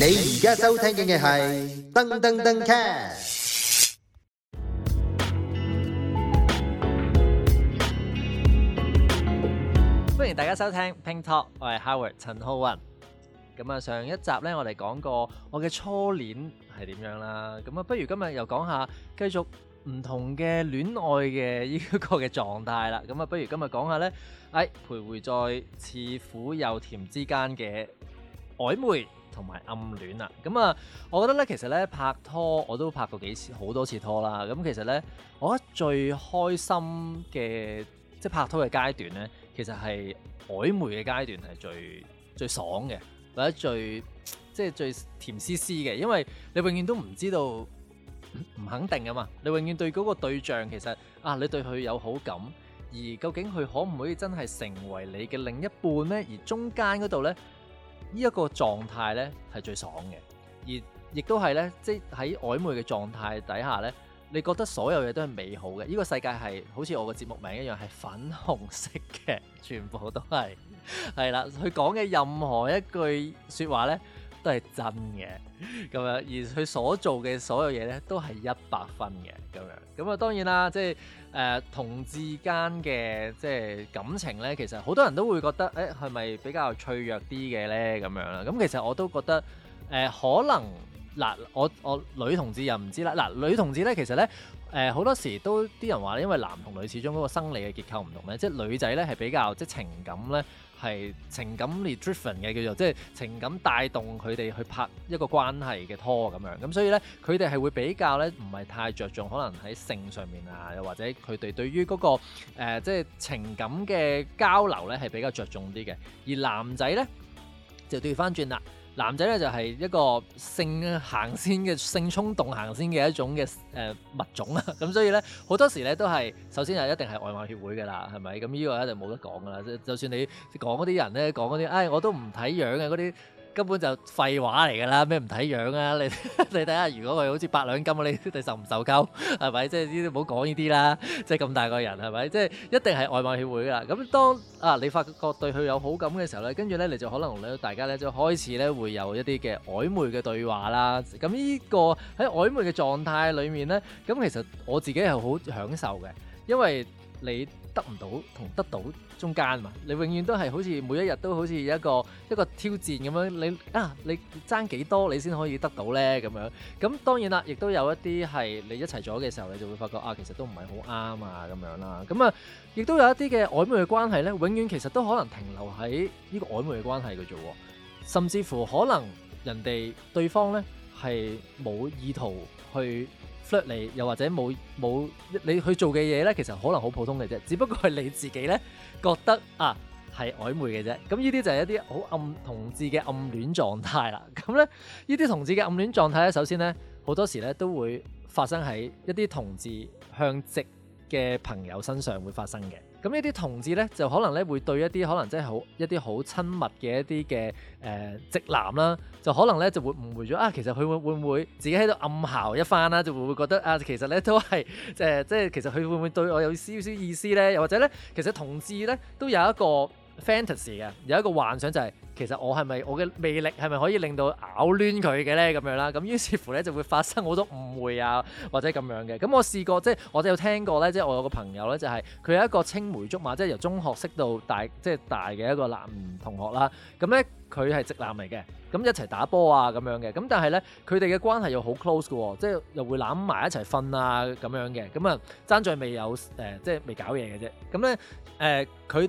你而家收聽嘅係噔噔噔 cast，歡迎大家收聽 Ping Talk，我係 Howard 陳浩雲。咁啊，上一集咧，我哋講過我嘅初戀係點樣啦。咁啊，不如今日又講下繼續唔同嘅戀愛嘅呢一個嘅狀態啦。咁啊，不如今日講下咧，係徘徊在似苦又甜之間嘅曖昧。同埋暗戀啊，咁啊，我覺得咧，其實咧，拍拖我都拍過幾次，好多次拖啦。咁其實咧，我覺得最開心嘅即係拍拖嘅階段咧，其實係曖昧嘅階段係最最爽嘅，或者最即係最甜絲絲嘅，因為你永遠都唔知道唔肯定㗎嘛。你永遠對嗰個對象其實啊，你對佢有好感，而究竟佢可唔可以真係成為你嘅另一半咧？而中間嗰度咧。狀態，呢一個狀態咧係最爽嘅，而亦都係咧，即係喺曖昧嘅狀態底下咧，你覺得所有嘢都係美好嘅。呢、這個世界係好似我個節目名一樣係粉紅色嘅，全部都係係啦。佢講嘅任何一句說話咧，都係真嘅咁樣，而佢所做嘅所有嘢咧，都係一百分嘅咁樣。咁啊，當然啦，即係誒，同志間嘅即係感情咧，其實好多人都會覺得，誒，係咪比較脆弱啲嘅咧？咁樣啦，咁其實我都覺得，誒，可能嗱，我我女同志又唔知啦。嗱，女同志咧，其實咧，誒，好多時都啲人話咧，因為男同女始終嗰個生理嘅結構唔同咧，即係女仔咧係比較即係情感咧，係情感咧 driven 嘅叫做，即係情感帶動佢哋去拍一個關係嘅拖咁樣，咁所以咧，佢哋係會比較咧，唔係太着重，可能喺性上面啊，又或者佢哋對於嗰個、呃、即係情感嘅交流咧係比較着重啲嘅，而男仔咧就對翻轉啦。男仔咧就係一個性行先嘅性衝動行先嘅一種嘅誒、呃、物種啊，咁 所以咧好多時咧都係首先係一定係外貌協會噶啦，係咪？咁呢個一定冇得講噶啦，就算你講嗰啲人咧，講嗰啲唉，我都唔睇樣嘅嗰啲。根本就廢話嚟㗎啦！咩唔睇樣啊？你你睇下，如果佢好似八兩金，你，你受唔受溝係咪？即係呢啲唔好講呢啲啦！即係咁大個人係咪？即係一定係外貌協會㗎喇。咁當啊，你發覺對佢有好感嘅時候咧，跟住咧你就可能咧，大家咧就開始咧會有一啲嘅曖昧嘅對話啦。咁呢個喺曖昧嘅狀態裡面咧，咁其實我自己係好享受嘅，因為你。得唔到同得到中間嘛？你永遠都係好似每一日都好似一個一個挑戰咁樣。你啊，你爭幾多你先可以得到呢咁樣。咁當然啦，亦都有一啲係你一齊咗嘅時候，你就會發覺啊，其實都唔係好啱啊咁樣啦。咁啊，亦都有一啲嘅曖昧嘅關係呢，永遠其實都可能停留喺呢個曖昧嘅關係嘅啫。甚至乎可能人哋對方呢係冇意圖去。f 又或者冇冇你去做嘅嘢咧，其實可能好普通嘅啫，只不過係你自己咧覺得啊，係曖昧嘅啫。咁呢啲就係一啲好暗同志嘅暗戀狀態啦。咁咧，呢啲同志嘅暗戀狀態咧，首先咧，好多時咧都會發生喺一啲同志向直嘅朋友身上會發生嘅。咁呢啲同志咧，就可能咧會對一啲可能即係好一啲好親密嘅一啲嘅誒直男啦，就可能咧就會誤會咗啊，其實佢會會唔會自己喺度暗姣一番啦，就會唔會覺得啊，其實咧都係誒，即係其實佢會唔會對我有少少意思咧？又或者咧，其實同志咧都有一個。fantasy 嘅有一個幻想就係、是、其實我係咪我嘅魅力係咪可以令到拗彎佢嘅咧，咁樣啦，咁於是乎咧就會發生好多誤會啊，或者咁樣嘅。咁我試過即係我都有聽過咧即係我有個朋友咧就係、是、佢有一個青梅竹馬即係由中學識到大即係大嘅一個男同學啦，咁咧佢係直男嚟嘅，咁一齊打波啊咁樣嘅。咁但係咧佢哋嘅關係又好 close 嘅喎，即係又會攬埋一齊瞓啊咁樣嘅，咁啊爭在未有誒、呃、即係未搞嘢嘅啫，咁咧誒佢。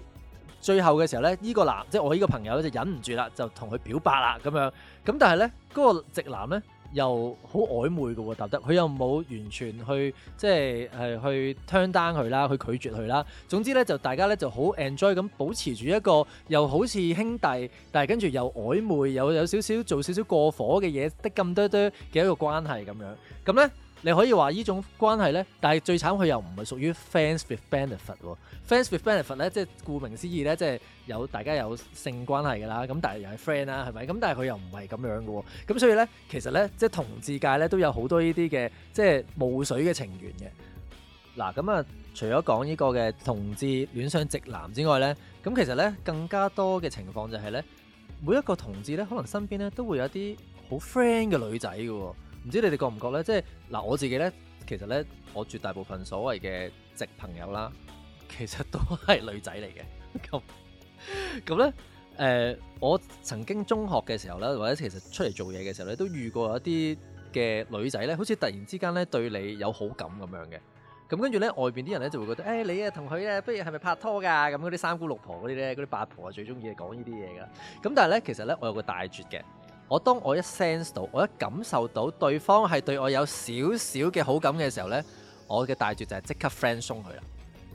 最後嘅時候咧，依個男即係我依個朋友咧就忍唔住啦，就同佢表白啦咁樣。咁但係咧，嗰個直男咧又好曖昧嘅喎，得唔得？佢又冇完全去即係係去 turn down 佢啦，去拒絕佢啦。總之咧，就大家咧就好 enjoy 咁保持住一個又好似兄弟，但係跟住又曖昧，又有少少做少少過火嘅嘢的咁多多嘅一個關係咁樣。咁咧。你可以話呢種關係咧，但係最慘佢又唔係屬於 friends with benefit friends with benefit 咧，即係顧名思義咧，即係有大家有性關係嘅啦。咁但係又係 friend 啦，係咪？咁但係佢又唔係咁樣嘅喎。咁所以咧，其實咧，即係同志界咧都有好多呢啲嘅即係霧水嘅情緣嘅。嗱咁啊，除咗講呢個嘅同志戀上直男之外咧，咁其實咧更加多嘅情況就係、是、咧，每一個同志咧可能身邊咧都會有一啲好 friend 嘅女仔嘅。唔知你哋覺唔覺咧？即係嗱，我自己咧，其實咧，我絕大部分所謂嘅直朋友啦，其實都係女仔嚟嘅。咁咁咧，誒、呃，我曾經中學嘅時候咧，或者其實出嚟做嘢嘅時候咧，都遇過一啲嘅女仔咧，好似突然之間咧對你有好感咁樣嘅。咁跟住咧，外面啲人咧就會覺得，誒、哎，你啊同佢啊，不如係咪拍拖㗎？咁嗰啲三姑六婆嗰啲咧，嗰啲八婆啊最中意講呢啲嘢㗎。咁但係咧，其實咧，我有個大絕嘅。我當我一 sense 到，我一感受到對方係對我有少少嘅好感嘅時候呢，我嘅大絕就係即刻 friend 鬆佢啦。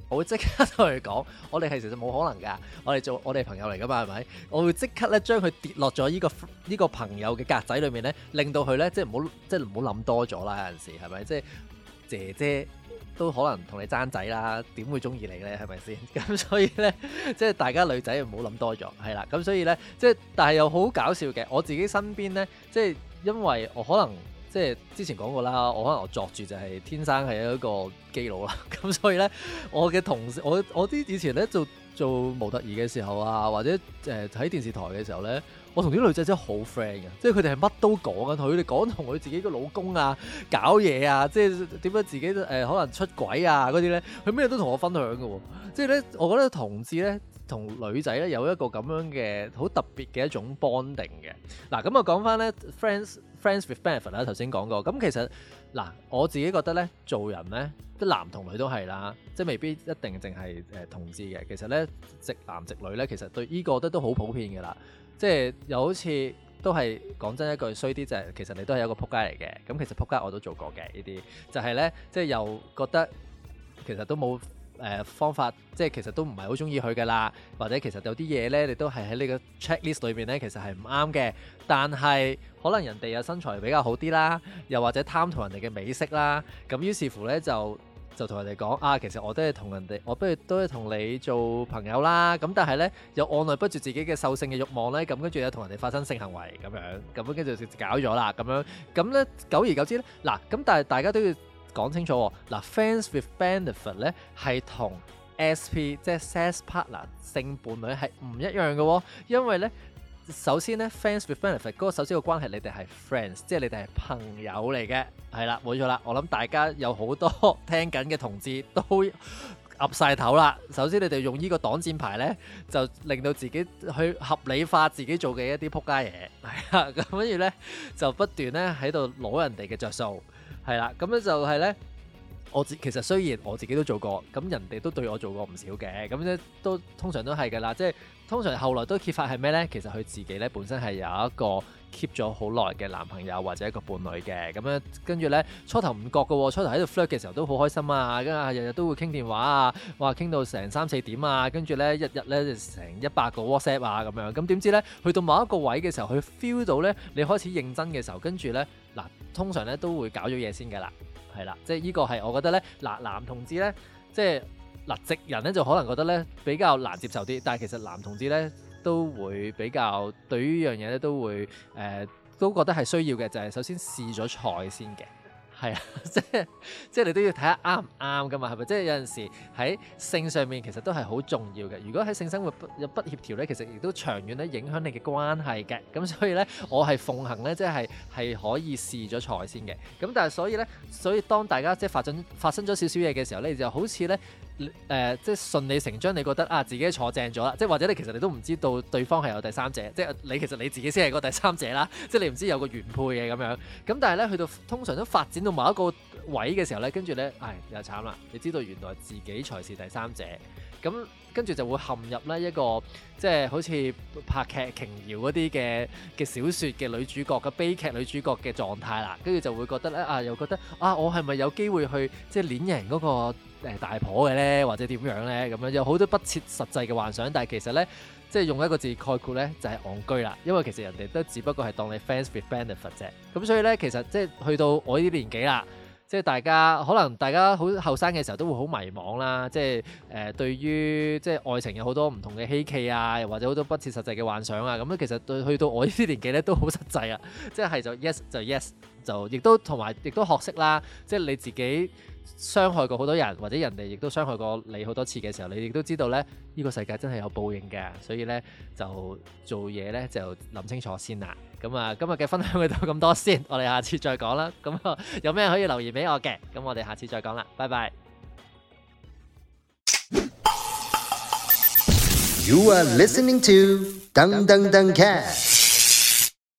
我會即刻同佢講，我哋係其實冇可能噶，我哋做我哋朋友嚟噶嘛，係咪？我會即刻咧將佢跌落咗呢個、呢個朋友嘅格仔裏面呢，令到佢呢，即係唔好即係唔好諗多咗啦。有陣時係咪？即係、就是、姐姐。都可能同你爭仔啦，點會鍾意你呢？係咪先？咁 所以呢，即係大家女仔唔好諗多咗，係啦。咁所以呢，即係但係又好搞笑嘅。我自己身邊呢，即係因為我可能即係之前講過啦，我可能我作住就係天生係一個基佬啦。咁 所以呢，我嘅同事，我我啲以前呢，做做模特兒嘅時候啊，或者誒喺、呃、電視台嘅時候呢。我同啲女仔真係好 friend 嘅，即係佢哋係乜都講嘅，同佢哋講同佢自己個老公啊搞嘢啊，即係點解自己誒、呃、可能出軌啊嗰啲咧，佢咩都同我分享嘅喎、哦。即係咧，我覺得同志咧同女仔咧有一個咁樣嘅好特別嘅一種 bonding 嘅。嗱、啊，咁啊講返咧 friends friends with benefit 啦，頭先講過。咁、嗯、其實嗱，我自己覺得咧，做人咧，啲男同女都係啦，即係未必一定淨係誒同志嘅。其實咧，直男直女咧，其實對呢個都都好普遍嘅啦。即係又好似都係講真一句衰啲就係、是、其實你都係一個仆街嚟嘅，咁其實仆街我都做過嘅呢啲，就係呢，即係又覺得其實都冇誒、呃、方法，即係其實都唔係好中意佢嘅啦，或者其實有啲嘢呢，你都係喺呢個 checklist 裏面呢，其實係唔啱嘅，但係可能人哋嘅身材比較好啲啦，又或者貪圖人哋嘅美色啦，咁於是乎呢，就。就同人哋講啊，其實我都係同人哋，我不如都係同你做朋友啦。咁但係咧，又按捺不住自己嘅獸性嘅慾望咧，咁跟住又同人哋發生性行為咁樣，咁跟住就搞咗啦。咁樣咁咧，久而久之咧，嗱、啊，咁但係大家都要講清楚喎。嗱 friends with benefit 咧係同 sp 即係 sex partner 性伴侶係唔一樣嘅喎，因為咧。首先咧，friends with benefit 嗰個首先個關係，你哋係 friends，即係你哋係朋友嚟嘅，係啦，冇錯啦。我諗大家有好多聽緊嘅同志都岌晒頭啦。首先你哋用呢個擋箭牌咧，就令到自己去合理化自己做嘅一啲撲街嘢，係啦。咁跟住咧，就不斷咧喺度攞人哋嘅著數，係啦。咁咧就係咧，我自，我其實雖然我自己都做過，咁人哋都對我做過唔少嘅，咁咧都通常都係嘅啦，即係。通常後來都揭發係咩呢？其實佢自己呢本身係有一個 keep 咗好耐嘅男朋友或者一個伴侶嘅，咁樣跟住呢，初頭唔覺嘅喎，初頭喺度 flirt 嘅時候都好開心啊，跟住日日都會傾電話啊，話傾到成三四點啊，跟住呢，日日呢就成一百個 WhatsApp 啊咁樣，咁點知呢？去到某一個位嘅時候，佢 feel 到呢，你開始認真嘅時候，跟住呢，嗱，通常呢都會搞咗嘢先嘅啦，係啦，即係呢個係我覺得呢，嗱男同志呢，即係。嗱，直、呃、人咧就可能覺得咧比較難接受啲，但係其實男同志咧都會比較對於呢樣嘢咧都會誒、呃、都覺得係需要嘅，就係、是、首先試咗菜先嘅係啊，即係即係你都要睇下啱唔啱㗎嘛，係咪？即係有陣時喺性上面其實都係好重要嘅。如果喺性生活不有不協調咧，其實亦都長遠咧影響你嘅關係嘅。咁所以咧我係奉行咧，即係係可以試咗菜先嘅。咁但係所以咧，所以當大家即係發生發生咗少少嘢嘅時候咧，就好似咧。誒、呃，即係順理成章，你覺得啊，自己坐正咗啦，即係或者你其實你都唔知道對方係有第三者，即係你其實你自己先係個第三者啦，即係你唔知有個原配嘅咁樣。咁但係咧，去到通常都發展到某一個位嘅時候咧，跟住咧，唉、哎，又慘啦！你知道原來自己才是第三者，咁跟住就會陷入咧一個即係好似拍劇瓊瑤嗰啲嘅嘅小説嘅女主角嘅悲劇女主角嘅狀態啦。跟住就會覺得咧啊，又覺得啊，我係咪有機會去即係碾贏嗰、那個？誒大婆嘅咧，或者點樣咧咁樣，有好多不切實際嘅幻想，但係其實咧，即係用一個字概括咧，就係戇居啦。因為其實人哋都只不過係當你 friends with benefits 啫。咁所以咧，其實即係去到我呢啲年紀啦，即係大家可能大家好後生嘅時候都會好迷茫啦。即係誒、呃，對於即係愛情有好多唔同嘅希冀啊，又或者好多不切實際嘅幻想啊。咁咧其實對去到我呢啲年紀咧都好實際啊。即係就 yes 就 yes 就亦都同埋亦都學識啦。即係你自己。傷害過好多人，或者人哋亦都傷害過你好多次嘅時候，你亦都知道呢，呢個世界真係有報應㗎，所以呢就做嘢呢就諗清楚先啦。咁啊，今日嘅分享去到咁多先，我哋下次再講啦。咁啊，有咩可以留言俾我嘅，咁我哋下次再講啦。拜拜。You are listening to Dun Dun Dun Cat.